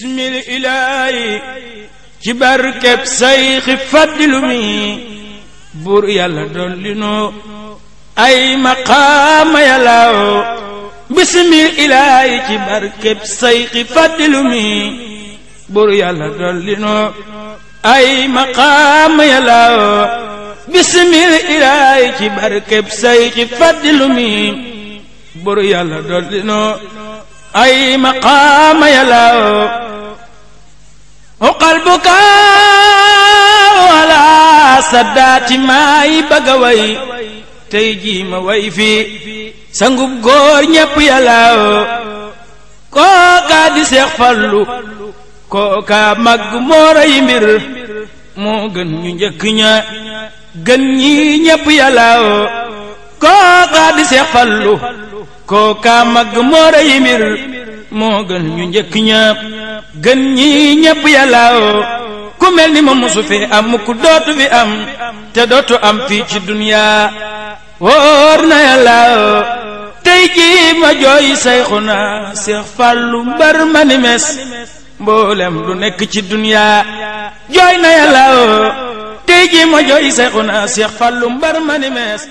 bismil ilaahi ci barkeb ay maqaama yàllaaw uqal bukaaw alaa saddaati maay bëgg a way tey jii ma way fii sangub góor yàlla yàllaaw kookaa di seex fallu kookaa màgg moora yi mbir moo gën ñu njëkk ña gën ñi ñépp yàllaaw kookaa di seex fallu kookaa màgg moora yi mbir moo gën ñu njëkk ñëpp gën ñi ñëpp yàllaaw ku mel ni moom mosu fi am mukk dootu fi am te dootu am fii ci duniyaa wóor na yàllaaw tey jii ma jooy sayxuna seex fàllu mbar ma ni mboolem lu nekk ci duniyaa jooy na yàllaaw tey jii ma jooy sayxuna seex fàllu mbar ma ni mes.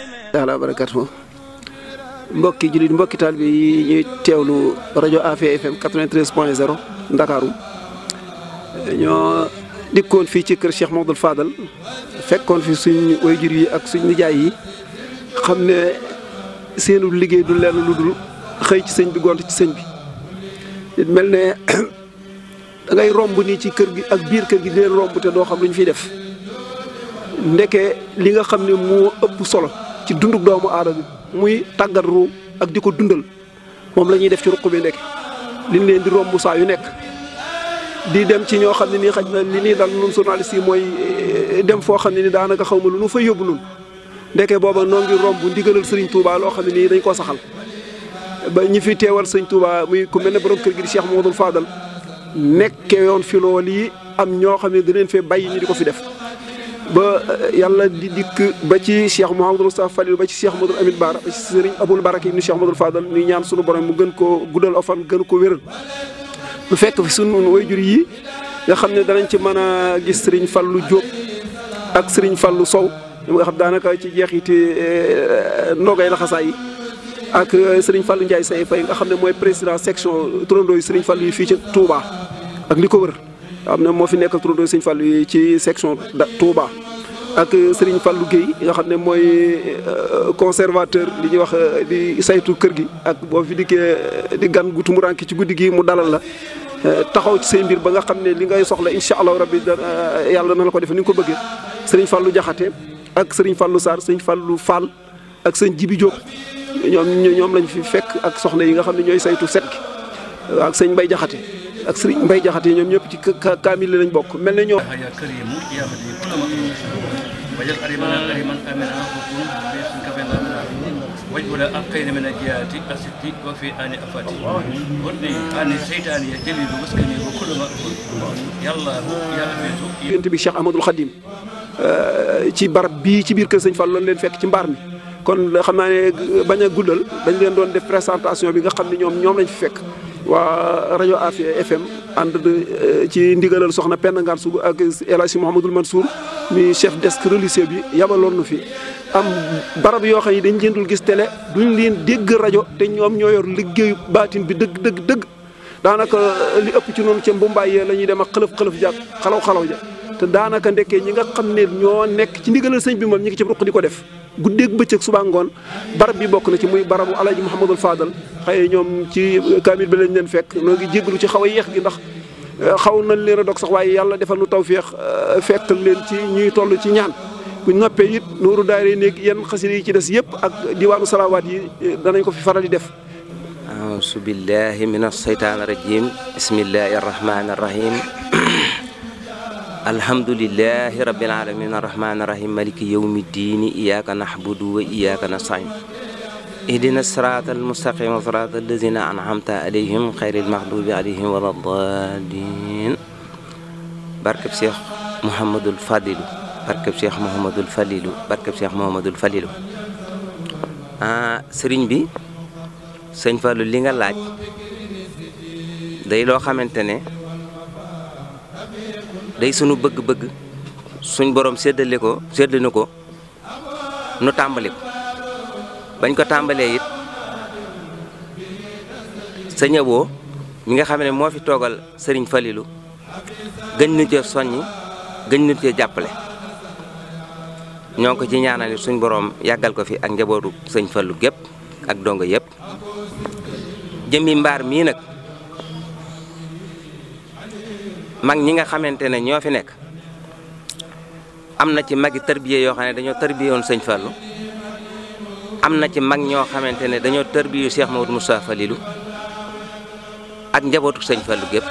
mbokki jullit mbokki taalibe bi ñuy teewlu rajo Afia FM 93 point 0 Ndakaaru ñoo dikkoon fii ci kër Cheikh Mamadou Fadal fekkoon fi suñ waajur yi ak suñ nijaay yi xam ne seenu liggéey du lenn lu dul xëy ci sëñ bi gont ci sëñ bi mel ne da romb nii ci kër gi ak biir kër gi di leen romb te doo xam lu ñu fiy def ndeke li nga xam ne moo ëpp solo ci dunduk doomu aadama muy tàggat ru ak di ko dundal moom la ñuy def ci ruq bi nekk liñ leen di romb saa yu nekk di dem ci ñoo xam ne nii xaj na li nii dal nun journaliste yi mooy eh, dem foo xam ne ni daanaka xaw ma lu nu fa yóbbu nun ndeke booba noo ngi romb ndigalal Serigne Touba loo xam ne nii dañ koo saxal ba ñi fi teewal sëñ Touba muy ku mel ne borom kër gi di Cheikh Mouhamadoul Fadal nekke yoon fi yi am ñoo xam ne dinañ fee bàyyi ñu di ko fi def ba eh, yàlla di dikk ba ci cheikh Mouhamadou Moustapha Falil ba ci cheikh Modou Amin Baara ba ci sëriñ Aboul Baraka ibnu cheikh Modou Fadal ñuy ñaan sunu borom mu gën koo guddal ofan gën ko wéral bu fekk fi sunu wayjur yi nga xam ne danañ ci mën a gis sëriñ Fallou Diop ak sëriñ Fallou Sow ñoom nga xam daanaka ci jeexiti eh, ndogay la xasaay yi ak eh, sëriñ Fallou Ndiaye say fay nga xam ne mooy président section turandoo yi sëriñ Fallou yi fii ci Touba ak li ko wër. am na moo fi nekkal turandoo Serigne Fallou yi ci section Touba ak Serigne Fallou Guèye nga xam ne mooy euh, conservateur li ñuy wax euh, di saytu kër gi ak boo fi dikkee euh, di gan gu tumuraanke ci guddi gi mu dalal la taxaw ci say mbir ba nga xam ne li ngay soxla incha allahu rabbi yàlla na la ko defee ni nga ko bëggee Serigne Fallou jaxate ak Serigne Fallou Sarr Serigne Fallou Fall ak sëñ Jibi Diop ñoom ñoom lañ fi fekk ak soxla yi nga xam ne ñooy saytu set gi ak Serigne Mbaye Diakhaté ak sëriñ Mbay yi ñoom ñëpp ci kaamil lañ bokk mel na ñoom wajal arimana ariman amina bi sun kafe na wajbula akaina ma yalla ya abitu bi Cheikh Ahmadul Khadim euh, ci barab bii ci biir kër sañ Fall loolu leen fekk ci mbaar mi kon xam naa ne bañ a guddal dañ leen doon def présentation bi nga xam ne ñoom ñoom lañ fi fekk waa rajo Afia FM ànd eh, ci ndigalal soxna Penda Ngaan Sougou ak El Hadj Mouhamadul Mansour mi chef desk religieux bi yabaloon na fi am barab yoo xam yi dañ leen dul gis télé duñ leen dégg rajo te ñoom ñoo yor liggéey baatin bi dëgg dëgg dëgg daanaka eh, li ëpp ci noonu ca mbumbaay yee la ñuy dem ak xëlëf xëlëf jàpp xalaw xalaw ja te daanaka ndekkee ñi nga xam ne ñoo nekk ci ndigalal sëñ bi moom ñi ngi ci ruq di ko def guddeeg bëccëg suba ngoon barab bi bokk na ci muy barabu alaaji Mouhamadul Fadal xëy ñoom ci kaamil bi lañ leen fekk noo gi jéglu ci xaw a yeex gi ndax euh, xaw nañ leen a dog sax waaye yàlla defal nu tawféex euh, fekk leen ci ñuy toll ci ñaan bu noppee it nooru daare néeg yenn xasida yi ci des yëpp ak diwaanu salawaat yi euh, danañ ko fi faral di def aousu billahi min alsheytaan irajim bismillahi arrahmani arrahim alhamdulilahi rabbil alamin arrahmani rahim maliki yawmi diini iyyaka na'budu wa iyyaka nasta'in ihdina sirata almustaqima sirata allazina an'amta alayhim xayril maxdubi alayhim wala daalin barkeb Cheikh Mouhamadul Fadilu barkeb Cheikh Mouhamadul Falilu barkeb Cheikh Mouhamadul Falilu ah sëriñ bi sëñ Fallou li nga laaj day loo xamante ne day sunu bëgg-bëgg suñ boroom séddale ko séddale na ko nu tàmbali bañ ko tàmbalee it sëñ Abo mi nga xam ne moo fi toogal sëriñ Falilu gën ñu cee soññi gën ñu cee jàppale ñoo ngi ko ci ñaanal suñ boroom yàggal ko fi ak njabootu sëñ Fallu gépp ak dongo yëpp jëmmi mbaar mii nag. mag ñi nga xamante ne ñoo fi nekk am na ci magi tërbiye yoo xam ne dañoo tërbiye woon sëñ am na ci mag ñoo xamante ne dañoo tërbiyu Cheikh Maodo Moussa Falilou ak njabootu sëñ Fallou gépp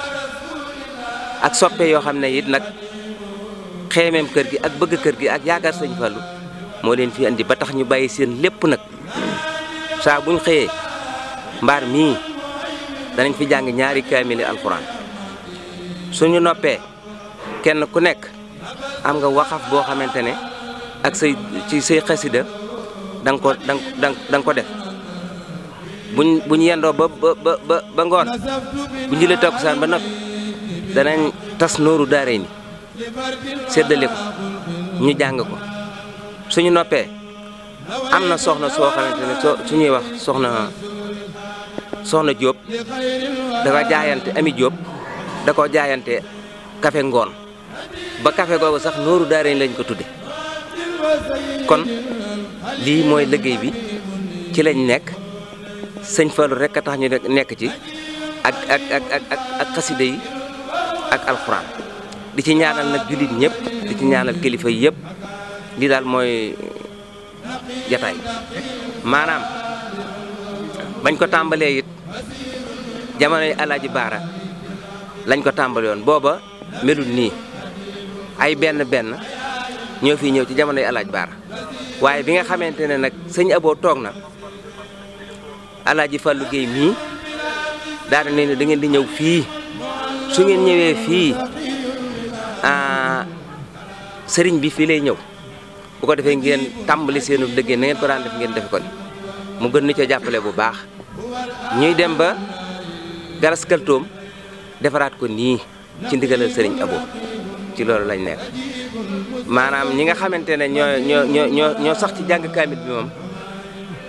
ak soppe yoo xam ne it nag xeemeem kër gi ak bëgg kër gi ak yaakaar sëñ Fallou moo leen fi andi ba tax ñu bàyyi seen lépp nag saa buñ xëyee mbaar mii danañ fi jàng ñaari kaamili alxuraan suñu noppee kenn ku nekk am nga waxaf boo xamante ne ak say ci say xasida da nga ko da nga ko def buñ buñ yendoo ba ba ba ba ngoon bu ñu la takkusaan ba nopp danañ tas nuuru daaree ni séddale ko ñu jàng ko suñu noppee am na soxna soo xamante ne soo suñuy wax soxna soxna Jóob dafa jaayante ami Jóob da jaayante kafe ngoon ba kafe googu sax nooru daareñ lañ ko tudde kon lii mooy liggéey bi ci lañ nekk sëñ Fallou rek a tax ñu nekk ci ak ak ak ak ak xasida yi ak alxuraan di ci ñaanal nag jullit ñépp di ci ñaanal kilifa yépp lii daal mooy jataay maanaam bañ ko tàmbalee it jamonoy Alaaji Baara lañ ko tàmbali woon booba melul nii ay benn benn ñoo fi ñëw ci jamonoy alaaj baara waaye bi nga xamante ne nag sëñ aboo toog na alaaji Fallou Guèye mii daal ne ne da di ñëw fii su ngeen ñëwee fii ah, sëriñ bi fii lay ñëw bu ko defee ngeen tàmbali seenu dëggee na ngeen ko daan def ngeen def ko ni mu gën ni ca jàppale bu baax ñuy dem ba garaskaltoom defaraat ko nii ci ndigalal sëriñ Abo ci loolu lañ nekk maanaam ñi nga xamante ne ñoo ñoo ñoo ñoo sax ci jàng kaamil bi moom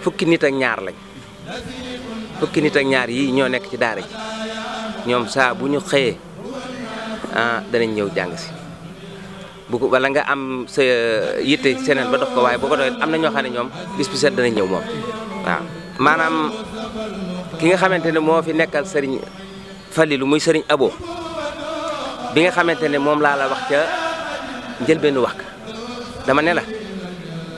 fukki nit a ñaar lañ fukki nit ak ñaar yi ñoo nekk ci daara ji ñoom saa bu ñu xëyee ah danañ ñëw jàng si bu ko wala nga am sa yitte seneen ba dox ko waaye boo ko doy am na ñoo xam ne ñoom bis bu set ñëw moom maanaam ki nga xamante ne moo fi nekkal sëriñ Falilu muy sëriñ Abo bi nga xamante ne moom laa la wax ca njëlbeenu wax dama ne la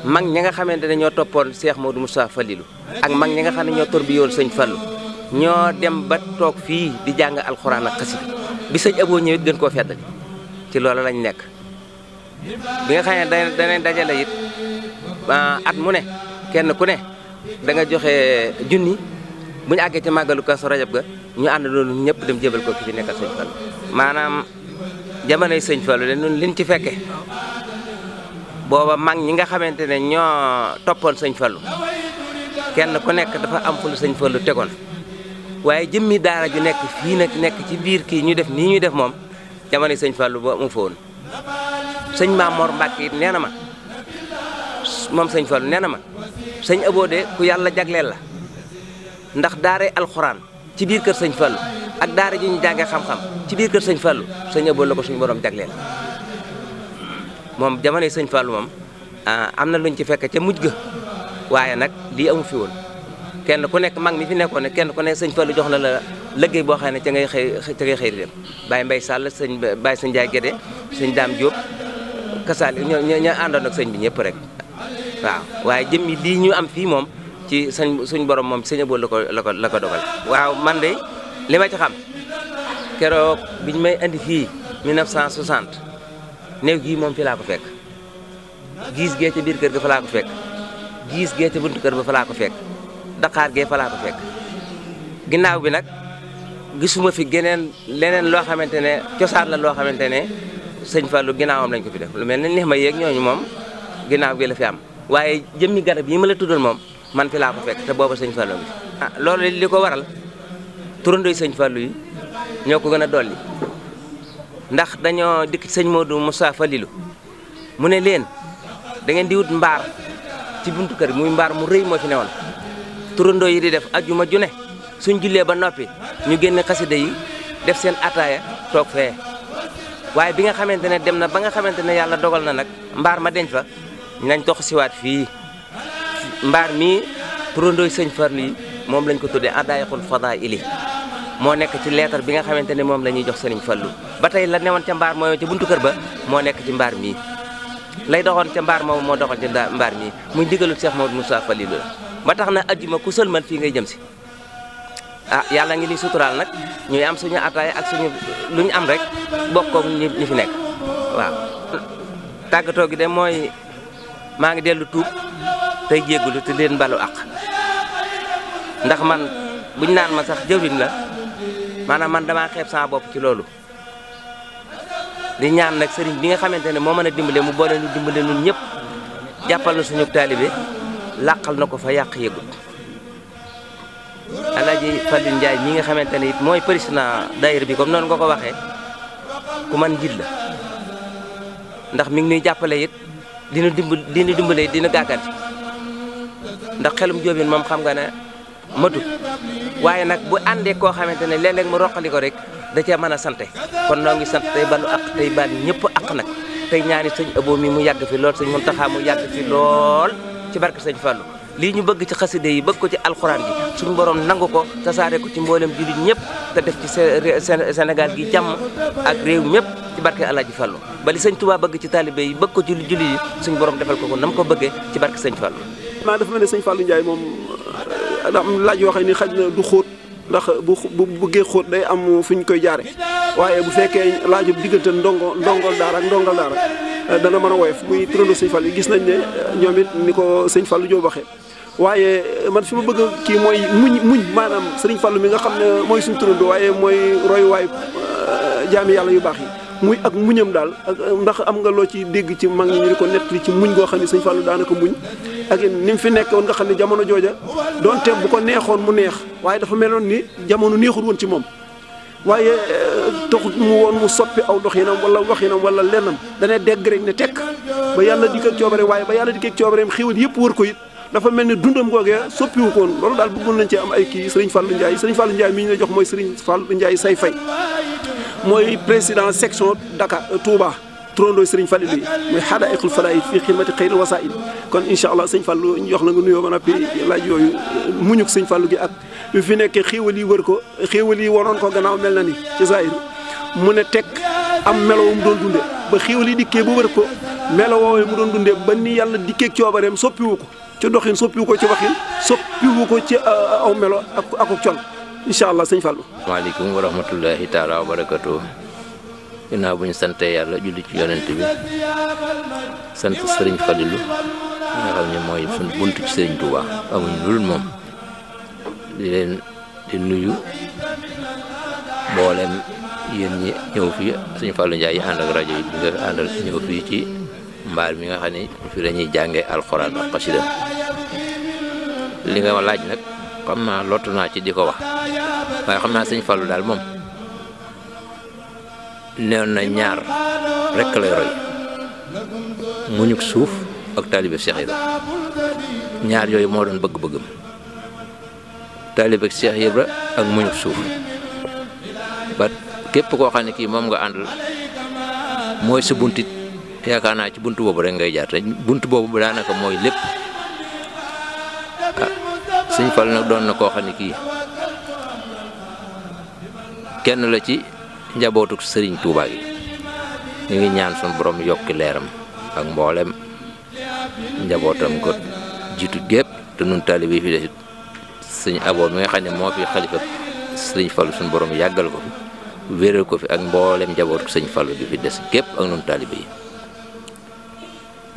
mag ñi nga xamante ne ñoo toppoon Cheikh Modou Moussa Falilu ak mag ñi nga xam ne ñoo tor bi yoon sëñ Fallu ñoo dem ba toog fii di jàng alxuraan ak xasida bi sëñ Abo ñëwit gën koo feddali ci loolu lañ nekk bi nga xam ne danañ dajale it at mu ne kenn ku ne danga joxe junni bu ñu àggee ci màggalu Kazu Rajab ga ñu ànd doon ñëpp dem jébal ko ki fi nekkal sëñ Fallu maanaam jamonoy sëñ Fallu de ñun liñ ci fekke booba mag ñi nga xamante ne ñoo toppoon sëñ Fallu kenn ku nekk dafa am fu lu sëñ Fallu tegoon waaye jëmmi daara ju nekk fii nag nekk ci biir kii ñu def nii ñuy def moom jamonoy sëñ Fallu boo mu fa sëñ Maamoor Mbàkke it nee na ma moom sëñ Fallu nee na ma sëñ Aboo ku yàlla jagleel la ndax daaray alxuraan ci biir kër sëñ Fallou ak daar ji ñu jàngee xam-xam ci biir kër sëñ Fallou sëñ Abo la ko suñu borom jagleel moom jamonoy sëñ Fallou moom ah, am na luñ ci fekk ca mujj ga waaye nag lii amu fi woon kenn ku nekk mag mi fi nekkoon ne kenn ku nekk sëñ Fallou jox na la liggéey boo xam ne ca ngay xëy ca ngay xëy di dem Baye Mbaye Sall sëñ Baye sëñ Ndiaye Guédé sëñ Dame Diop kasaal ñoo ñoo àndoon ak sëñ bi ñëpp rek waaw waaye jëmmi lii ñu am fii moom. ci sañ suñ borom moom sëñ Abo la ko la la ko dogal. waaw man de li ma ci xam keroog biñ may andi fii 1960 néew gii moom fi laa ko fekk giis gee ca biir kër ga fa laa ko fekk giis gee ca kër ba fa laa ko fekk daqaar gee fa laa ko fekk ginnaaw bi nag gisuma fi geneen leneen loo xamante ne cosaan la loo xamante ne sëñ Fallou ginnaawam lañ ko fi def lu mel ne neex ma yeeg ñooñu moom ginnaaw gi la fi am waaye jëmmi garab yi ma la tuddal moom. man fi laa ko fekk te booba sëñ Fallou bi ah loolu li ko waral turandooy sëñ Fallou yi ñoo ko gën a dolli ndax dañoo dikk ci sëñ Modou Moussa Falilou mu ne leen da di wut mbaar ci buntu kër muy mbaar mu rëy moo ne newoon turandoo yi di def ajuma ju ne suñ jullee ba noppi ñu génn xasida yi def seen ataaya toog fee waaye bi nga xamante ne dem na ba nga xamante ne yàlla dogal na nag mbaar ma denc fa nañ tox siwaat fii mbaar mii turandooy sëñ Farlu yi moom lañ ko tuddee adaayiqul fadaili moo nekk ci leetar bi nga xamante ne moom la ñuy jox sëriñ Fallu ba tey la newoon ca mbaar mooy ca buntu kër ba moo nekk ci mbaar mii lay doxoon ca mbaar moom moo doxoon ci mbaar mii muy ndigalul Cheikh Maodo Moussa Falilou la ba tax na ajjuma ku sëlmal fii ngay jëm si ah yàlla ngi ni suturaal nag ñuy am suñu ataaya ak suñu lu ñu am rek bokkoog ñi fi nekk waaw tàggatoo gi de mooy maa ngi dellu tuub tey jéggulu te leen balu àq ndax man buñ naan ma sax jëwriñ la maanaam man damaa xeeb sama bopp ci loolu di ñaan nag sëriñ bi nga xamante ne moo mën a dimbale mu boole nu dimbale nun ñëpp jàppal na suñu taalibe làqal na ko fa yàq yëgut Alaaji Fallou njaay ñi nga xamante ne it mooy président daayira bi comme noonu nga ko waxee ku man jilla ndax mi ngi ñuy jàppale it dina dimbal dina dimbale dina gàgganti ndax xelum jóobin moom xam nga ne matut waaye nag bu àndee koo xamante ne léeg mu roqali ko rek da cee mën a sante kon noo ngi sant tey balu ak tey bal ñëpp ak nag tey ñaani sëñ Abo mi mu yàgg fi lool sëñ Muntaxa mu yàgg fi lool ci barke sëñ Fallu lii ñu bëgg ci xaside yi bëgg ko ci alxuraan ji suñu borom nangu ko tasaare ko ci mboolem jullit ñëpp te def ci Sénégal gi jàmm ak réew ñëpp ci barke Alaaji Fallu bali sëñ Tuubaa bëgg ci taalibe yi bëgg ko ci jullit yi borom defal ko ko nam ko bëggee ci barke sëñ Fallu maa dafa mel ne sëñ fàllu Ndiaye moom euh, am laaj yoo xam ne xaj na du xóot ndax bu bu bëggee xóot day am fu ñu koy jaare waaye bu fekkee laajub diggante ndongo ndongol daara ak ndongal daara euh, dana mën a woyof muy turandoo sëñ Fallou yi gis nañ ne euh, ñoom it ni ko sëñ Fallou Diop waxee waaye man fi ma bëgg kii mooy muñ muñ maanaam sëriñ Fallou mi nga xam ne mooy suñ turandoo waaye mooy royuwaay jaami yàlla yu baax yi muy ak muñam daal ndax am nga loo ci dégg ci mag ñi ñu di ko nettali ci muñ goo xam ne sëñ Fallou daanaka muñ ak ni mu fi nekk nga xam ne jamono jooja donte bu ko neexoon mu neex waaye dafa meloon ni jamono neexul woon ci moom waaye eh, taxut mu woon mu soppi aw doxinam wala waxinam wala lennam dana dégg rek ne tekk ba yàlla di ko coobare waaye ba yàlla di ko coobareem xéwal yëpp wër ko dafa mel ni dundam googee soppiwu ko woon loolu daal bëggoon nañ cee am ay kii Serigne Fallou njaay Serigne Fallou Ndiaye mi ñu la jox mooy Serigne Fallou Ndiaye say fay mooy président section Dakar euh, Touba turandoo Serigne Fallou yi muy xaada iqul falaid fii xidmati xëyri wasail kon incha allah sëñ Fallou jox na nga nuyoo ba noppi laaj yooyu euh, muñuk sëñ Fallou gi ak bi fi nekkee xéewal yi wër ko xéewal yi waroon ko gannaaw mel na ni ci zahir mu ne teg am melowum doon dunde ba xéewal yi dikkee bu wër ko melowoo mu doon dundee ba ni yàlla dikkee coobareem soppiwu ko ci doxin soppiwu ko ci waxin soppiwu ko ci euh, aw melo ak ak col incha allah sëñ Fallou. asalaamaaleykum wa rahmatullahi taala wa barakatuh ginnaaw bu ñu sante yàlla julli ci yonent bi sant sëriñ Fallou nga xam ci sëriñ Touba moom di leen di nuyu mboolem yéen ñi ñëw fii sëriñ Fallou Ndiaye yi ànd ak rajo yi di nga àndal ñëw fii ci mbaal mi nga xam ne fi la ñuy jàngee alxuraan ak xasida li nga laaj nag xam naa lottu naa ci di ko wax waaye xam naa sëñ Fallou daal moom neewoon na ñaar rekk lay roy muñuk suuf ak taalibe Cheikh Ibra ñaar yooyu moo doon bëgg-bëggam taalibe Cheikh Ibra ak muñuk suuf ba képp koo xam ne kii moom nga àndal mooy sa buntit yaakaar naa ci bunt boobu rek ngay jaar te bunt boobu daanaka mooy lépp ah sëñ nag doon na koo xam kii kenn la ci njabootu sëriñ Touba yi ngi ñaan suñu borom yokki leeram ak mboolem njabootam ko jiitu gépp nun taalibe yi fi des mi nga xam ne moo fi xalifa sëriñ Fallu suñu borom yàggal ko fi wéral ko fi ak mboolem njabootu sëñ Fallu bi fi des gépp ak nun taalibe yi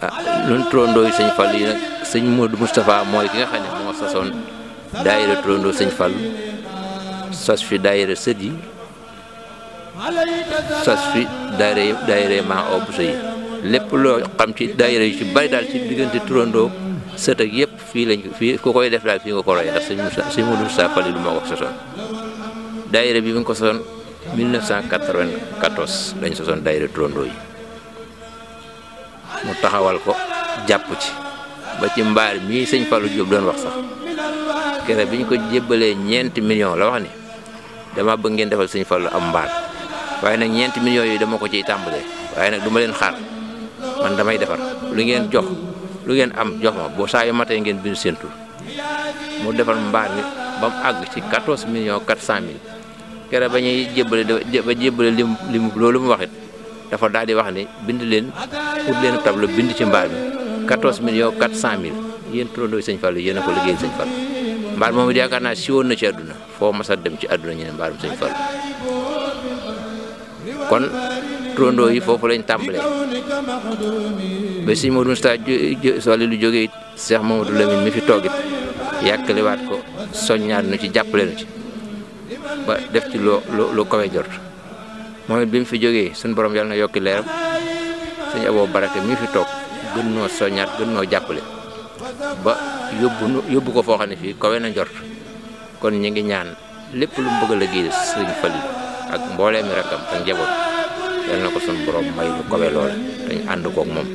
ah nun turandoo yi sëñ yi nag sëñ Modou Moustapha mooy ki nga xam ne moo sasoon daayira turandoo sëñ Fallu sos fi daayira sët yi sas fi daayira daayira maa obse yi lépp loo xam ci daayira yu ci bari daal ci diggante turandoo sët ak yëpp fii lañ fii ku koy def daal fii nga ko royee ndax sëñ Moussa sëñ Modou Moussa du moo ko sosoon daayira bi mi ngi ko sosoon 1994 lañ sosoon daayira turandoo yi mu taxawal ko jàpp ci ba ci mbaar mii sëñ falu Diop doon wax sax kere bi ñu ko jébbalee ñeenti million la wax ni dama bëgg ngeen defal sëñ Fallou am mbaal waaye nag ñeenti millions yooyu dama ko ciy tàmbalee waaye nag du leen xaar man damay defar lu ngeen jox lu ngeen am jox ma boo saa matee ngeen bind seen tur mu defar mbaar mi ba mu àgg ci 14 millions 400 mille kere ba ñuy jébbale ba jébbale lim lim loolu mu waxit dafa daal di wax ni bind leen pour leen tableau bind ci mbaar mi 14 millions 400 mille yéen turandoo sëñ Fallou yéen a ko liggéeyal sëñ Fallou mbaar moom it yaakaar naa siiwoon na ci àdduna foo mas a dem ci àdduna ñu ne mbaarum sëñ Fallou kon turandoo yi foofu lañ tàmbalee ba sëñ Modou Moustapha soli lu jógee it Cheikh Mamadou Lamine mi fi toog it yàkkaliwaat ko soññaat nu ci jàppale nu ci ba def ci loo lu kawe jort moom it bi mu fi jógee suñ borom yàlla na yokki leeram suñu aboo barake mi fi toog gën noo soññaat gën noo jàppale ba yóbbu yóbbu ko foo xam ne fii kawe na jort kon ñu ngi ñaan lépp lu mu bëgg a liggéey sëñ Fallu ak mbooleem mi rakkam ak njaboot na ko suñu borom may lu kowe lool dañ ànd kook moom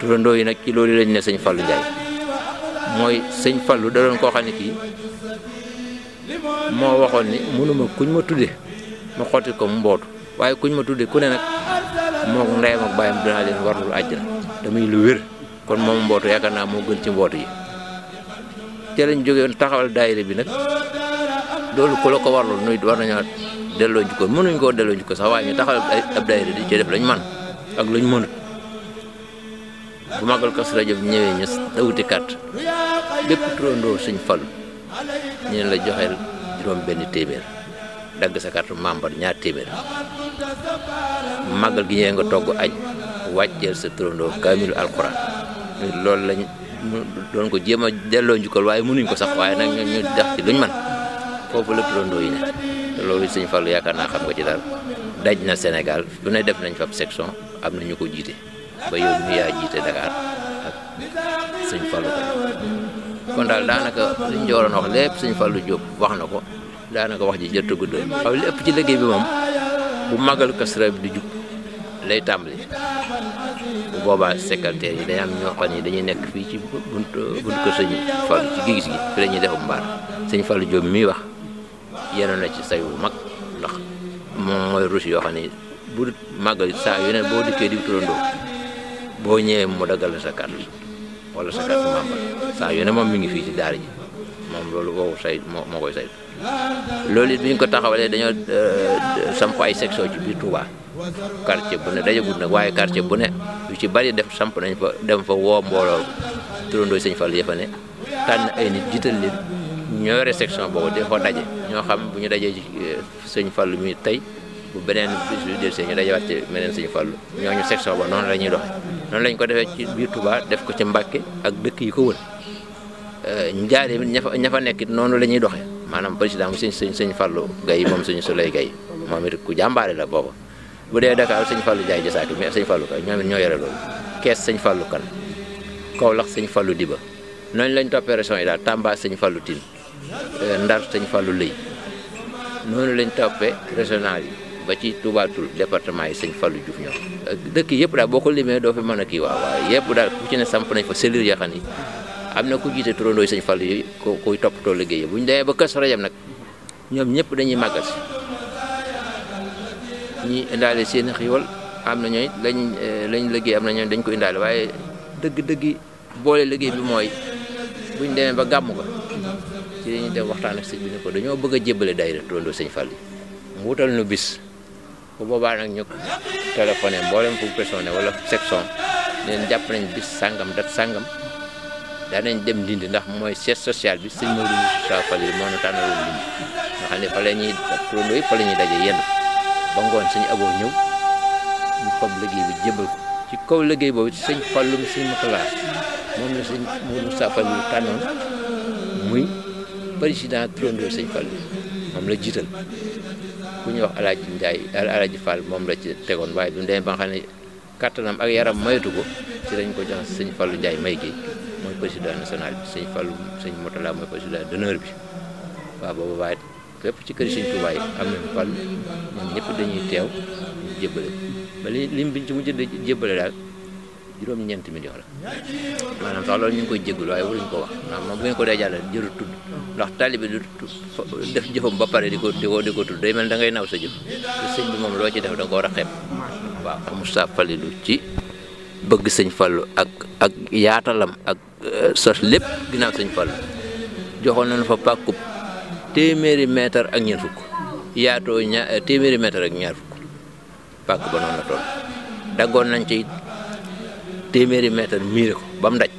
turandoo yi nag ci loolu lañ ne sëñ falu Ndiaye mooy sëñ Fallou da doon koo xam ne kii moo waxoon ni mënuma kuñ ma tudde ma xotti ko mu mbootu waaye kuñ ma tudde ku ne nag moo ndeyam ak bàyyam dinaa leen warlul àjjana damay lu wér kon moom mbootu yaakaar naa moo gën ci mbootu yi ca lañ jógee taxawal daayira bi nag loolu ko la ko warlu nuy war nañu nañoo delloo jukko mënuñ koo delloo jukko sax waaye ñu taxal ay ab daayira di ci def lañ man ak luñ mënut bu magal màggal Kazu Rajab ñëwee ñu dawuti carte bépp turandoo suñ falu ñu la joxeel juróom benn téeméer dagg sa carte membre ñaar téeméer màggal gi ñëwee nga togg añ wàcceel sa turandoo kaamilu alxuraan loolu lañ doon ko jéem a delloo njukkal waaye mënuñ ko sax waaye nag ñu def ci luñ man foofu la turandoo yi ne loolu sëñ Fallou yaakaar naa xam nga ci dara daj na Sénégal lu ne def nañ fa section am na ñu ko jiite ba yow mi yaa jiite Dakar ak sëñ Fallou kon daal daanaka liñ jooroon wax lépp sëñ Fallou Diop wax na ko daanaka wax ji jërta guddal waaw lépp ci liggéey bi moom bu magal kasra bi du jub lay tàmbali bu boobaa secrétaire yi day am ñoo xam dañuy nekk fii ci bunt bunt ko sëñ Fallou ci gis gi fi la def mbaar sëñ Fallou Diop mii wax yenoon na ci say wu mag ndax moom mooy ruus yoo xam ne bu màggal saa yeneen boo dikkee di turandoo boo ñëwee mu daggal sa carte wala sa carte membre moom mi ngi fii ci daara ji moom loolu boobu say moo moo koy loolu it bi ko taxawalee dañoo euh, samp ay section ci biir Touba quartier bu ne dajagut nag waaye quartier bu ne yu ci bari def samp nañ fa dem fa woo mbooloo turandoo sëñ Fall yëfa ne tànn ay nit jiital leen. ñoo yore section boobu di fa ñoo xam bu ñu dajee ci euh, sëñ Fallu mi tey bu beneen bis bi dellusee ñu dajewaat ci beneen sëñ Fallu ñooñu section ba noonu la ñuy doxee noonu lañ ko defee ci biir tubaa def ko ci Mbàkke ak dëkk yi ko wër njaaree euh, bi ña fa ña fa noonu la ñuy doxee maanaam président sëñ sëñ sëñ Fallu Gaye moom sëñ Souley Gaye moom it ku jàmbaare la booba bu dee Dakar sëñ Fallu Jaay Jasaaki mais sëñ Fallu Kan ñoom ñoo yore loolu kees sëñ Fallu Kan Kawlax sëñ Fallu Diba noonu lañ toppee yi daal Tamba sëñ Fallu Tine Eh, ndar sëñ falu Lëy noonu lañ toppee régional yi ba ci Touba Toul département yi sëñ Fallou Diouf ñoom eh, dëkk yëpp daal boo ko limee doo fi mën a kii waaw waaw yëpp daal ku ci ne samp nañ fa sellir yoo xam ni am na ku jiite turandoo sëñ Fallou yi ko kuy toppatoo liggéey bu ñu demee ba Kazu Rajab nag ñoom ñëpp dañuy màggal si ñi indaale seen i xiiwal am na ñooy lañ eh, lañ liggéey am na ñooy dañ ko indaale waaye dëgg-dëgg boole liggéey bi mooy buñ demee ba gàmm ko ci dañuy dem waxtaan ak sëñ bi ko dañoo bëgg a jébbale daayira turandoo sëñ Fall yi mu wutal nu bis bu boobaa nag ñu téléphoné mboolem fu personne wala section neen jàpp nañ bis sàngam dat sàngam daanañ dem Ndindi ndax mooy siège social bi sëñ la ñuy turandoo yi fa la ñuy daje ñu fab liggéey bi jébbal ko ci muy bari si daan turandoo sëñ moom la jiital ku ñuy wax Alaaji Njaay Alaaji fal moom la ci tegoon waaye du ndee ba xam ne kattanam ak yaram mayatu ko ci dañ ko jox sëñ Fallu Njaay may gi mooy président national bi sëñ Fallu sëñ Motala mooy président d'honneur bi waaw boobu waaye fépp ci kër sëñ Tuubaa yi am nañ Fallu ñoom dañuy teew ñu jébbale ba li lim biñ ci mujj jébbale daal juróomi ñeenti million la maanaam sax loolu ñu ngi koy jégalu waaye ñu ko wax waaw moom bu ngeen ko dee jàllale jërul tudd ndax taalibe du def jëfam ba pare di ko di ko di ko tudd da ngay naw sa jëf sëñ bi moom loo ci def da nga ko war a xeeb waaw Moussa Falilou ci bëgg sëñ fal ak ak yaatalam ak euh, sos lépp ginnaaw sëñ Fallu joxoon nañu fa pàkkub téeméeri mètre ak ñeent fukk yaatoo ña ak ñaar fukk pàkk ba noonu la daggoon nañ ci téeméeri mètre miire ko ba mu daj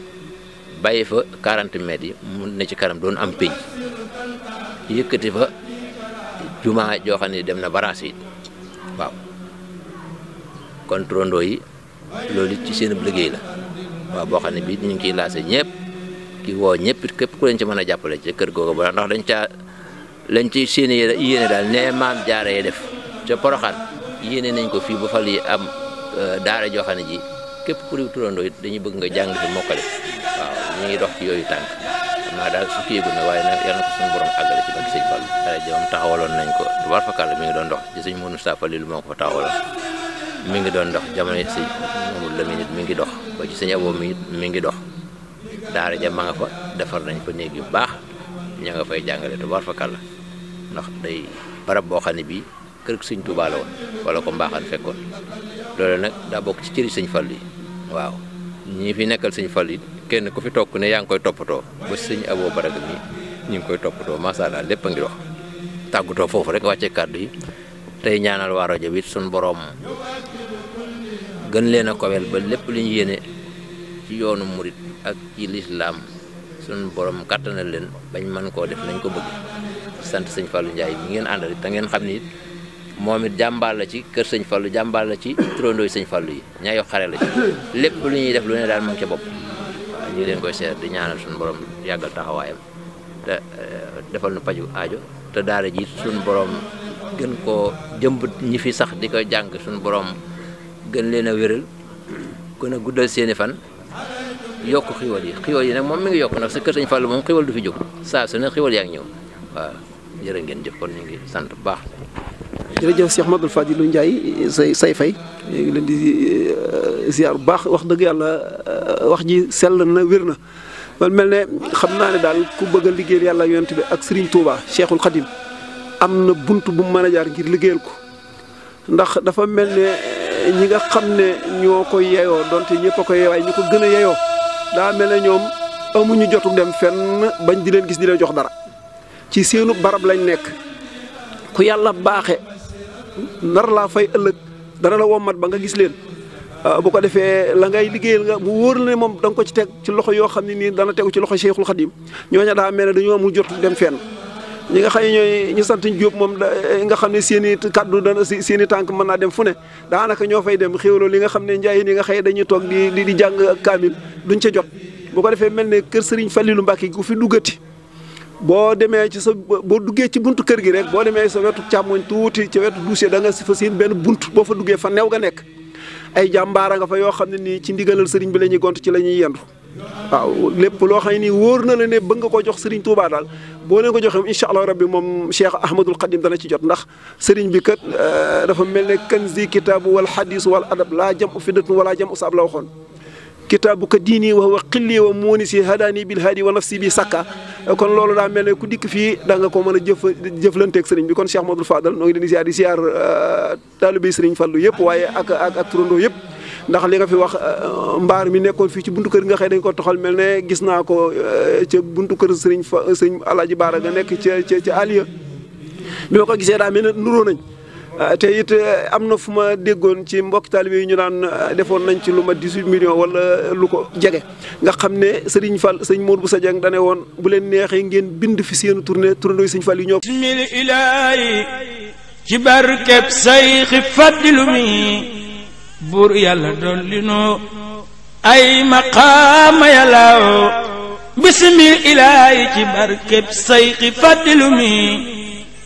bàyyi fa 40 mètres yi mu ne ci kanam doon am pay yëkkati fa jumaa joo ne dem na baraas yi waaw kon turandoo yi loolu ci seen liggéey la waaw boo xam ne bii ñu ngi ciy laase ñëpp ki woo ñëpp képp ku leen ci mën a jàppale ci kër googu ba ndax dañ caa lañ ci seen yéene daal nee maam jaaree def ca Poroxaan yéene nañ ko fii ba fal yi am euh, daara joo xam ne ji képp ku di turandoo it dañuy bëgg nga jàng fi mokkale waaw ñu ngi dox ci yooyu tànk maa daal su fi yëgul na waaye nag na ko suñu borom àggale ci barke sëñ Fall ala taxawaloon nañ ko war fa kàll mi ngi doon dox ci sëñ Mourou Moustapha Lilou moo ko fa mi ngi doon dox jamono yi sëñ Mamadou Lamine it mi ngi dox ba ci sëñ Abo mi it mi ngi dox daal ja ma nga fa defar nañ fa néeg yu baax ña nga fay jàngale te ndax day barab boo xam ne bii kër sëñ Touba la woon wala ko mbaaxaan fekkoon loolu nag daa bokk ci cëri sëñ Fall yi waaw ñii fi nekkal sëñ Fall yi kenn ku fi toog ne yaa ngi koy toppatoo ba sëñ aboo Baraga mi ñu ngi koy toppatoo macha allah lépp a ngi wax tàggatoo foofu rek wàcce kàddu yi tey ñaanal waa rajo bi suñu boroom gën leen a kowel ba lépp li ñu yéene ci yoonu murit ak ci lislaam suñu borom kàttanal leen bañ mën koo def nañ ko bëgg sant sëñ Fallou Ndiaye mi ngeen àndal te ngeen xam ni moom it jàmbaar la ci kër sëñ Fallu jàmbaar la ci turandoo sëñ Fallu yi ñaayo xare la ci lépp lu ñuy def lu ne daal moom ca bopp waaw ñu leen koy seet di ñaanal suñu boroom yàggal taxawaayam te eh, defal nu paju ajo te daara ji suñ boroom gën ko jëmbat ñi fi sax di ko jàng suñu boroom gën leen a wéral kon a guddal seeni fan yokk xiwal yi xiwal yi nag moom mi ngi yokk nag sa kër sëñ Fallu moom xiwal du fi jóg saa su ne xiwal yaa ngi ñëw waaw jërë ngeen jëf kon sant bu baax jërëjëf Cheikh Madou Fadilou Ndiaye say say fay léegi leen di euh, ziar bu baax wax dëgg yàlla euh, wax ji sell na wér na man mel ne xam naa ne daal ku bëgg a liggéeyal yàlla yonent bi ak Serigne Touba Cheikhul Khadim am na bunt bu mu mën a jaar ngir liggéeyal ko ndax dafa mel ne euh, ñi nga xam ne ñoo ko yeyoo donte ñëpp a ko waaye ñu ko gën a daa mel ne ñoom amuñu jotu dem fenn bañ di leen gis di jox dara ci seenu barab lañ nekk ku yàlla baaxe nar laa fay ëllëg dana la mat ba nga gis leen ah, bu ko defee la ngay liggéeyal nga mu wóor la ne moom da nga ko ci teg ci loxo yoo xam ne nii dana tegu ci loxo Cheikhul ñoo ñooñu daa mel ne dañoo amul jot dem fenn. ñi nga xam ne ñooy ñu sant Diop moom eh, nga xam ne seen i kaddu dana seen i tànk mën naa dem fu ne daanaka ñoo fay dem xéwloo li nga xam ne njaay yi nga xëy dañu toog di di jàng kaamil ñu ca jot bu ko defee mel ne kër Serigne Fallilou Mbacké ku fi duggati boo demee ci sa boo duggee ci bunt kër gi rek boo demee sa wetu càmmoñ tuuti ci wetu douche da nga si fa seen benn bunt boo fa duggee fa new nga nekk ay jàmbaara nga fa yoo xam ne nii ci ndigalal sëriñ bi la ñuy gont ci la ñuy yendu waaw lépp loo xam ne nii wóor na la ne bëgg nga ko jox sëriñ Touba daal boo leen ko joxee incha allah rabbi moom Cheikh Ahmadul Xadim dana ci jot ndax sëriñ bi kat euh, dafa mel ne kanzi kitaabu wal xadis wal adab laa jam u fiddatun wala jam u saab la waxoon kitaabuka diini wa huwa xilli wa muunisi hadaani bil haadi wa nafsi bi sakka kon loolu daa mel ne ku dikk fii da nga ko mën a jëf jëflanteeg sëriñ bi kon Cheikh Modou Fadal noo ngi leen di ziar di ziar euh, taalibe sëriñ Fallu yëpp waaye ak ak ak turandoo yëpp. ndax li nga fi wax euh, mbaar mi nekkoon fii ci buntu kër nga xëy dañ ko toxal mel ne gis naa ko euh, ca buntu kër sëriñ fa sëriñ Alaaji Baara nga nekk ci ca ca Aliya bi ma ko gisee daa mel ne nuroo nañ. Ah, te it eh, am na fu ma déggoon ci mbokk taalibe ñu naan eh, defoon nañ ci lu ma 18 millions wala lu ko jege nga xam ne Serigne Fall sëñ Mour bu sa jàng dane woon bu leen neexee ngeen bind fi seenu tournée tournée Sëñ Fall yi ñoo bismil ilaahi ci barkeb say xi faddilu mi buur yàlla dolli noo ay maqaama yàllaaw bismil ilaahi ci barkeb say xi faddilu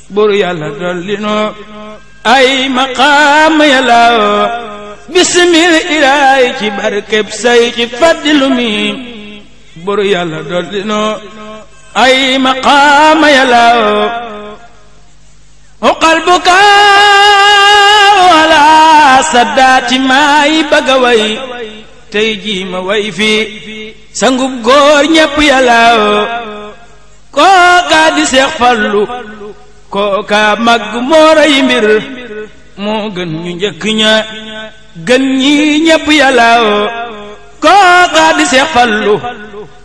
buur yàlla dolli noo ay maqaam yàllaaw bisimil ilaay ci barkeb say ci fàddilu mi buru yàlla dolli ay maqaam yàllaaw uqal bukaaw alaa saddaati maay bëgg a tey jii ma way fi sangub góor ñépp yàllaaw kookaa di seex fallu kooka mag moo rey mbir moo gën ñu njëkk ña gën ñi ñépp yàllaaw kooka di Seex Fallu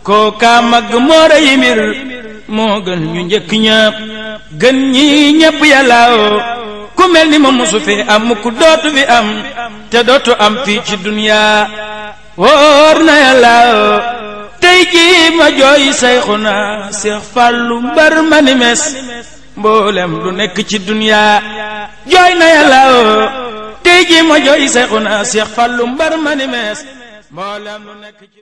kooka mag moo rey mbir moo gën ñu njëkk gën ñi ñépp yàllaaw ku mel ni ma mosu fi am ku dootu fi am te dootu am fii ci duniyaa na yàllaaw tey jii ma jooy sayxuna Seex Fallu mbar ma ni mes mboolem lu nekk ci duniyaa jooy na yàlla oo tey jii ma jooy seexu naa seex mbar ma ni mees nekk ci